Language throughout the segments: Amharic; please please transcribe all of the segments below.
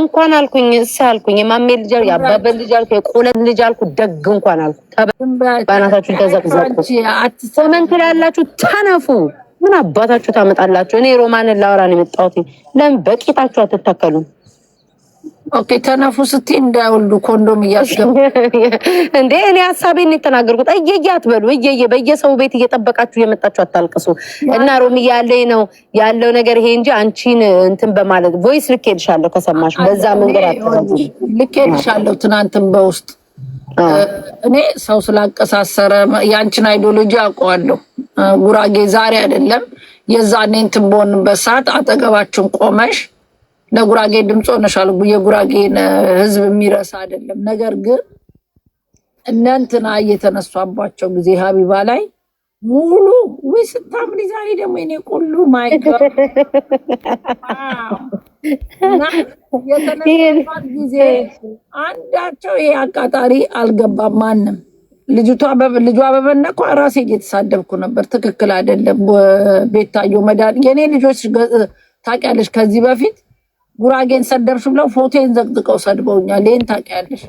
እንኳን አልኩኝ እሳ አልኩኝ የማሜ ልጅ አልኩ የአባበን ልጅ አልኩ የቆለን ልጅ አልኩ ደግ እንኳን አልኩ። ባናታችሁን ተዘቅዘቁ ሰመን ትላላችሁ ተነፉ። ምን አባታችሁ ታመጣላችሁ? እኔ ሮማንን ላውራን የመጣሁት። ለምን በቂታችሁ አትተከሉም ኦኬ ተነፉ ስቲ እንዳይወልዱ ኮንዶም እያስገቡ እንዴ እኔ ሀሳቤን የተናገርኩት እየየ አትበሉ። እየየ በየሰው ቤት እየጠበቃችሁ የመጣችሁ አታልቅሱ። እና ሮሚ ያለ ነው ያለው ነገር ይሄ እንጂ አንቺን እንትን በማለት ቮይስ ልኬልሻለሁ። ከሰማሽ በዛ መንገድ ልኬልሻለሁ። ትናንትን በውስጥ እኔ ሰው ስላቀሳሰረ የአንቺን አይዲዮሎጂ አውቀዋለሁ። ጉራጌ ዛሬ አይደለም የዛኔ እንትን በሆንበት ሰዓት አጠገባችን ቆመሽ ለጉራጌ ድምፅ ሆነሻል። የጉራጌን ህዝብ የሚረሳ አይደለም። ነገር ግን እነንትና እየተነሷባቸው ጊዜ ሀቢባ ላይ ሙሉ ወይ ስታምሪ ዛሬ ደግሞ ኔ ቁሉ ማይቀየተነሷት ጊዜ አንዳቸው ይሄ አቃጣሪ አልገባም። ማንም ልጅቷ ልጇ በበነኳ ራሴ እየተሳደብኩ ነበር። ትክክል አይደለም። ቤታዮ መዳን የኔ ልጆች ታውቂያለሽ ከዚህ በፊት ጉራጌን ሰደብሽ ብለው ፎቴን ዘቅዝቀው ሰድበውኛል። ሌን ታውቂያለሽ።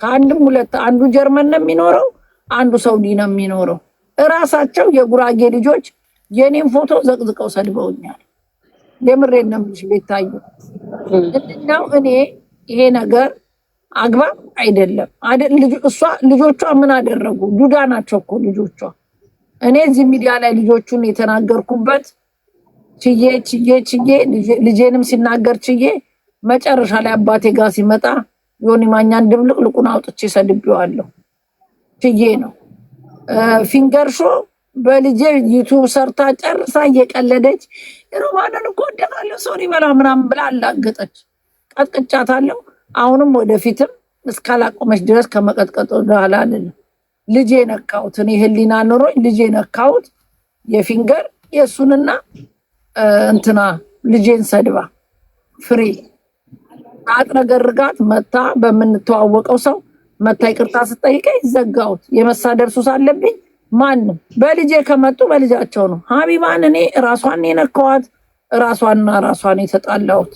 ከአንድም ሁለት አንዱ ጀርመን ነው የሚኖረው፣ አንዱ ሰውዲ ነው የሚኖረው። እራሳቸው የጉራጌ ልጆች የኔን ፎቶ ዘቅዝቀው ሰድበውኛል። የምሬ ነምሽ ቤታዩ እንደው እኔ ይሄ ነገር አግባብ አይደለም። እሷ ልጆቿ ምን አደረጉ? ዱዳ ናቸው እኮ ልጆቿ። እኔ እዚህ ሚዲያ ላይ ልጆቹን የተናገርኩበት ችዬ ችዬ ችዬ ልጄንም ሲናገር ችዬ መጨረሻ ላይ አባቴ ጋር ሲመጣ ዮኒ ማኛን ድብልቅ ልቁን አውጥቼ ሰድቤዋለሁ። ችዬ ነው ፊንገርሾ በልጄ ዩቱብ ሰርታ ጨርሳ እየቀለደች ሮማንን እኮ ወደቃለሁ ሶሪ በላ ምናምን ብላ አላገጠች። ቀጥቅጫታለሁ። አሁንም ወደፊትም እስካላቆመች ድረስ ከመቀጥቀጥ ወደኋላ አልልም። ልጄ ነካሁት። እኔ ህሊና ኖሮኝ ልጄ ነካሁት። የፊንገር የእሱንና እንትና ልጄን ሰድባ ፍሬ አጥረገርጋት መታ በምንተዋወቀው ሰው መታ ይቅርታ ስጠይቀኝ ዘጋሁት። የመሳ ሱስ አለብኝ። ማንም በልጄ ከመጡ በልጃቸው ነው። ሀቢባን እኔ ራሷን የነካዋት ራሷንና ራሷን የተጣላሁት።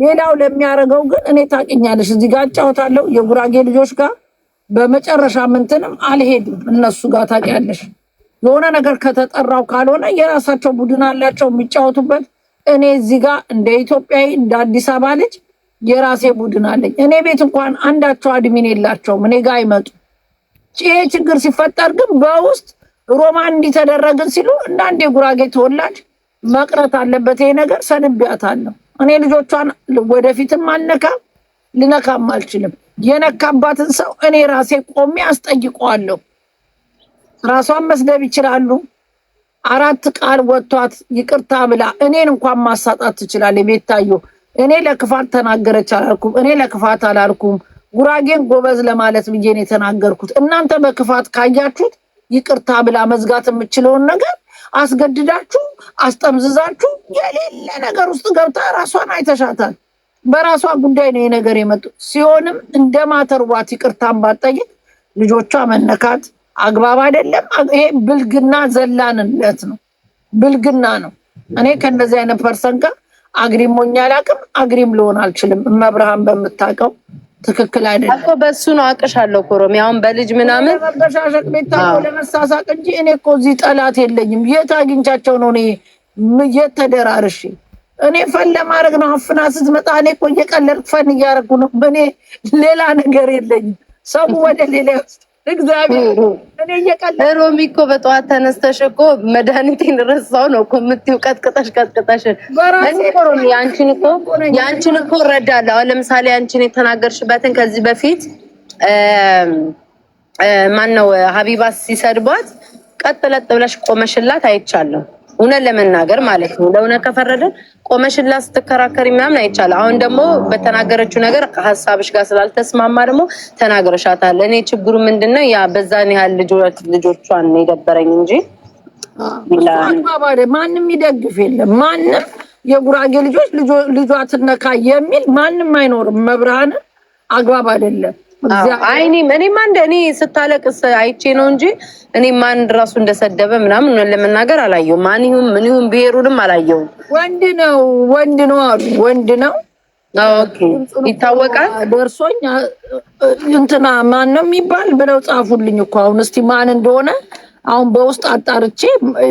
ሌላው ለሚያደርገው ግን እኔ ታውቂኛለሽ፣ እዚህ ጋር እጫወታለሁ የጉራጌ ልጆች ጋር በመጨረሻ ምንትንም አልሄድም እነሱ ጋር ታውቂያለሽ። የሆነ ነገር ከተጠራው ካልሆነ የራሳቸው ቡድን አላቸው የሚጫወቱበት። እኔ እዚህ ጋር እንደ ኢትዮጵያዊ እንደ አዲስ አበባ ልጅ የራሴ ቡድን አለኝ። እኔ ቤት እንኳን አንዳቸው አድሚን የላቸውም፣ እኔ ጋር አይመጡ። ይሄ ችግር ሲፈጠር ግን በውስጥ ሮማ እንዲተደረግን ሲሉ እንዳንድ የጉራጌ ተወላጅ መቅረት አለበት። ይሄ ነገር ሰንቢያታለሁ። እኔ ልጆቿን ወደፊትም አልነካም፣ ልነካም አልችልም። የነካባትን ሰው እኔ ራሴ ቆሜ አስጠይቀዋለሁ። ራሷን መስደብ ይችላሉ። አራት ቃል ወጥቷት ይቅርታ ብላ እኔን እንኳን ማሳጣት ትችላለ። ቤታዮ እኔ ለክፋት ተናገረች አላልኩም። እኔ ለክፋት አላልኩም። ጉራጌን ጎበዝ ለማለት ብዬን የተናገርኩት እናንተ በክፋት ካያችሁት ይቅርታ ብላ መዝጋት የምችለውን ነገር አስገድዳችሁ አስጠምዝዛችሁ የሌለ ነገር ውስጥ ገብታ ራሷን አይተሻታል። በራሷ ጉዳይ ነው ነገር የመጡ ሲሆንም እንደ ይቅርታን ባጠይቅ ልጆቿ መነካት አግባብ አይደለም። ይሄ ብልግና ዘላንነት ነው፣ ብልግና ነው። እኔ ከነዚህ አይነት ፐርሰን ጋር አግሪም ሞኛ አላውቅም፣ አግሪም ልሆን አልችልም። መብርሃን በምታውቀው ትክክል አይደለም እኮ በሱ ነው አቅሻለሁ። ኮሮሚ አሁን በልጅ ምናምን መበሻሸቅ ቤታ ለመሳሳቅ እንጂ እኔ እኮ እዚህ ጠላት የለኝም። የት አግኝቻቸው ነው እኔ የት ተደራርሽ? እኔ ፈን ለማድረግ ነው። አፍና ስትመጣ እኔ እኮ እየቀለድኩ ፈን እያደረኩ ነው። እኔ ሌላ ነገር የለኝም። ሰው ወደ ሌላ እግዚአብሔር ሮሚ እኮ በጠዋት ተነስተሽ እኮ መድኃኒቴን ረሳው ነው እኮ የምትይው። ቀጥቅጠሽ ቀጥቅጠሽ ሮሚ ያንቺን እኮ ያንቺን እኮ እረዳለሁ። አሁን ለምሳሌ ያንቺን የተናገርሽበትን ከዚህ በፊት ማን ነው ሀቢባ ሲሰድባት ቀጥ ለጥ ብለሽ ቆመሽላት አይቻለሁ። እውነት ለመናገር ማለት ነው። ለእውነት ከፈረድን ቆመሽላ ስትከራከሪ ምናምን አይቻልም። አሁን ደግሞ በተናገረችው ነገር ከሀሳብሽ ጋር ስላልተስማማ ደግሞ ተናግረሻታል። እኔ ችግሩ ምንድነው ያ በዛን ያህል ልጆቿን የደበረኝ እንጂ ማንም ይደግፍ የለም። ማንም የጉራጌ ልጆች ልጇ ትነካ የሚል ማንም አይኖርም። መብርሃን አግባብ አይደለም። አይኔ እኔማ እንደ እኔ ስታለቅስ አይቼ ነው እንጂ እኔ ማን ራሱ እንደሰደበ ምናምን ለመናገር አላየሁም። ማን ይሁን ምን ይሁን ብሔሩንም አላየሁም። ወንድ ነው ወንድ ነው አሉ ወንድ ነው ይታወቃል። ደርሶኝ እንትና ማን ነው የሚባል ብለው ጻፉልኝ እኮ አሁን እስቲ ማን እንደሆነ አሁን በውስጥ አጣርቼ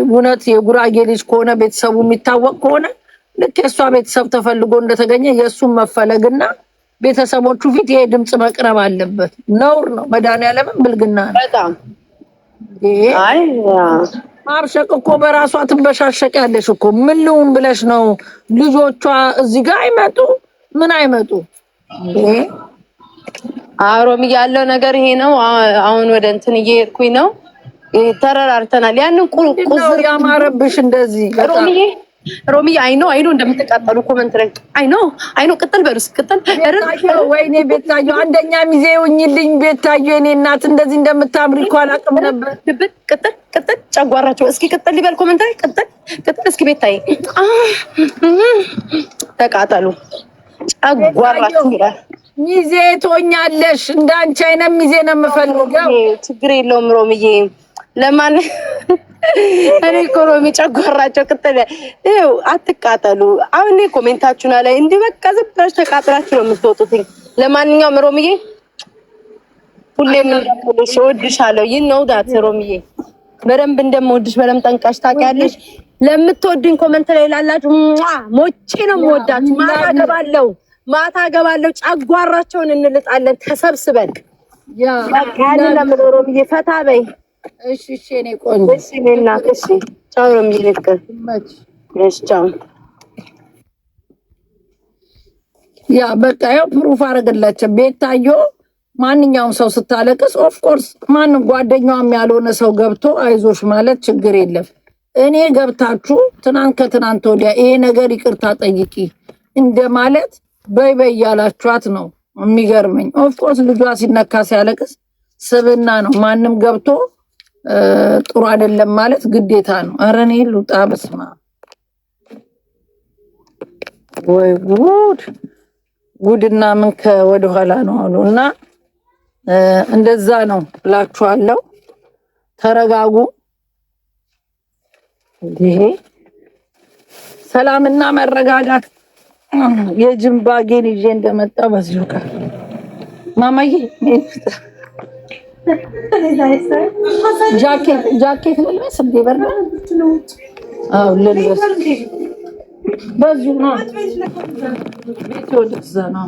እውነት የጉራጌ ልጅ ከሆነ ቤተሰቡ የሚታወቅ ከሆነ ልክ የእሷ ቤተሰብ ተፈልጎ እንደተገኘ የእሱን መፈለግና ቤተሰቦቹ ፊት ይሄ ድምፅ መቅረብ አለበት። ነውር ነው። መድኃኒዓለምን ብልግና ነው። በጣም ማብሸቅ እኮ በራሷ ትንበሻሸቅ ያለሽ እኮ ምን ልውን ብለሽ ነው? ልጆቿ እዚህ ጋር አይመጡ ምን አይመጡ። አሮም ያለው ነገር ይሄ ነው። አሁን ወደ እንትን እየሄድኩኝ ነው። ተረራርተናል። ያንን ቁዝር ያማረብሽ እንደዚህ ሮሚ አይኖ አይኖ እንደምትቃጠሉ ኮመንት ላይ አይኖ አይኖ ቅጥል በሉስ ቅጥል ወይኔ ቤታዩ አንደኛ ሚዜ ውኝልኝ ቤታዩ የኔ እናት እንደዚህ እንደምታምሪ እኮ አላውቅም ነበር። ቅጥል ቅጥል ጨጓራቸው እስኪ ቅጥል ሊበል ኮመንት ላይ ቅጥል ቅጥል እስኪ ቤታይ ተቃጠሉ ጨጓራቸው ይላል። ሚዜ ትሆኛለሽ እንዳንቺ አይነት ሚዜ ነው የምፈልገው። ችግር የለውም ሮምዬ ለማን እኔ እኮ ነው ጨጓራቸው ክትል ው አትቃጠሉ። አሁን እኔ ኮሜንታችሁና ላይ እንዲህ በቃ ዝም ብላችሁ ተቃጥላችሁ ነው የምትወጡት። ለማንኛውም ሮምዬ ሁሌም እንደምልሽ እወድሻለሁ። ይህ ነው ዳት ሮምዬ በደንብ እንደምወድሽ በደንብ ጠንቃሽ ታውቂያለሽ። ለምትወድኝ ኮመንት ላይ ላላችሁ ሞቼ ነው የምወዳችሁ። ማታ ገባለሁ፣ ማታ ገባለሁ። ጨጓራቸውን እንልጣለን ተሰብስበን ያንን ለምኖረው ብዬ ፈታ በይ እሺ፣ እሺ፣ እኔ ቆንጆ እሺ፣ ነና እሺ፣ ቻው ነው የሚልከው። እሺ፣ ቻው። ያ በቃ ያው ፕሩፍ አረገላቸው ቤታዮ። ማንኛውም ሰው ስታለቅስ ኦፍ ኮርስ ማንም ጓደኛዋም ያልሆነ ሰው ገብቶ አይዞሽ ማለት ችግር የለም። እኔ ገብታችሁ ትናንት ከትናንት ወዲያ ይሄ ነገር ይቅርታ ጠይቂ እንደማለት በይ በይ ያላችኋት ነው የሚገርመኝ። ኦፍኮርስ ልጇ ሲነካ ሲያለቅስ ስብና ነው ማንም ገብቶ ጥሩ አይደለም ማለት ግዴታ ነው። ኧረ እኔ ልውጣ። በስመ አብ ወይ ጉድ ጉድና ምን ከወደኋላ ነው አሉ እና እንደዛ ነው እላችኋለሁ። ተረጋጉ። ይሄ ሰላምና መረጋጋት ጌን ይዤ እንደመጣ በዚሁ ጋር ማማዬ ጃኬት ልልበስ እንዴ? በርና አው ልልበስ በዚሁ ነው ቤት ወደ እዛ ነው።